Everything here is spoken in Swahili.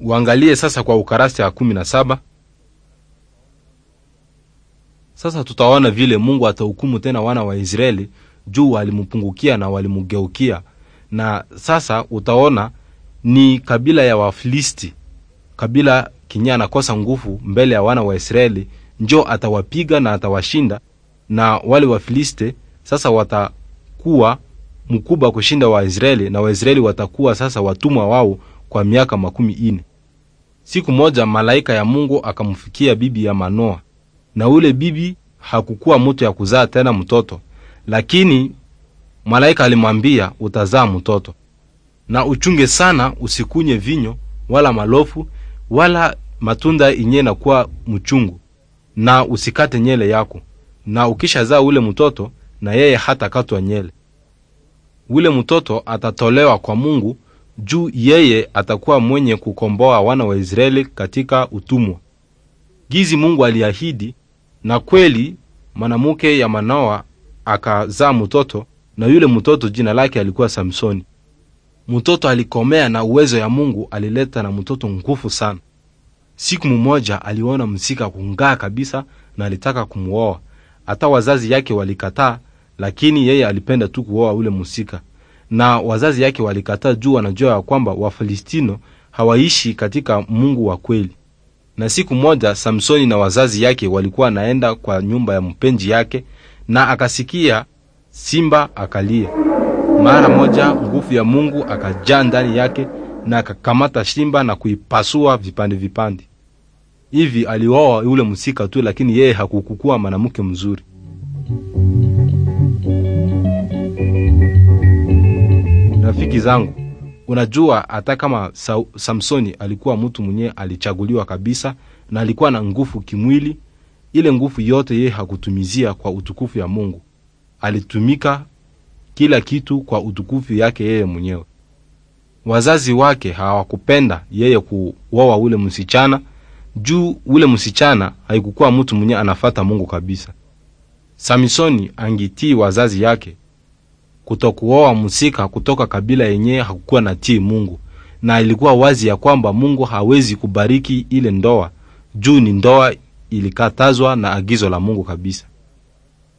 uangalie sasa kwa ukarasa ya kumi na saba. Sasa tutaona vile Mungu atahukumu tena wana wa Israeli juu walimpungukia na walimgeukia, na sasa utaona ni kabila ya Wafilisti, kabila kinya anakosa nguvu mbele ya wana wa Israeli, njo atawapiga na atawashinda, na wale Wafilisti sasa watakuwa mkubwa kushinda Waisraeli, na Waisraeli watakuwa sasa watumwa wao kwa miaka makumi ine. Siku moja malaika ya Mungu akamfikia bibi ya Manoa, na ule bibi hakukuwa mtu ya kuzaa tena mtoto, lakini malaika alimwambia, utazaa mtoto na uchunge sana, usikunye vinyo wala malofu wala matunda inye nakuwa mchungu, na usikate nyele yako, na ukishazaa ule mtoto, na yeye hata katwa nyele. Ule mtoto atatolewa kwa Mungu juu yeye atakuwa mwenye kukomboa wana wa Israeli katika utumwa. Gizi Mungu aliahidi, na kweli mwanamke ya Manoa akazaa mtoto, na yule mtoto jina lake alikuwa Samsoni. Mtoto alikomea na uwezo ya Mungu alileta na mtoto nguvu sana. Siku mmoja aliona msika kung'aa kabisa, na alitaka kumuoa Hata wazazi yake walikataa, lakini yeye alipenda tu kuoa ule msika na wazazi yake walikataa juu wanajua ya kwamba Wafilistino hawaishi katika Mungu wa kweli. Na siku moja Samsoni na wazazi yake walikuwa anaenda kwa nyumba ya mpenzi yake, na akasikia simba akalia. Mara moja nguvu ya Mungu akajaa ndani yake, na akakamata simba na kuipasua vipande vipande. Hivi aliwawa yule msika tu, lakini yeye hakukukua mwanamke mzuri. rafiki zangu, unajua hata kama Sa Samsoni alikuwa mtu mwenye alichaguliwa kabisa na alikuwa na nguvu kimwili, ile nguvu yote yeye hakutumizia kwa utukufu ya Mungu, alitumika kila kitu kwa utukufu yake yeye mwenyewe. Wazazi wake hawakupenda yeye kuoa ule msichana juu ule msichana haikukuwa mtu mwenye anafata Mungu kabisa. Samsoni angitii wazazi yake kutokuoa musika kutoka kabila yenyewe hakukuwa na tii Mungu, na ilikuwa wazi ya kwamba Mungu hawezi kubariki ile ndoa juu ni ndoa ilikatazwa na agizo la Mungu kabisa.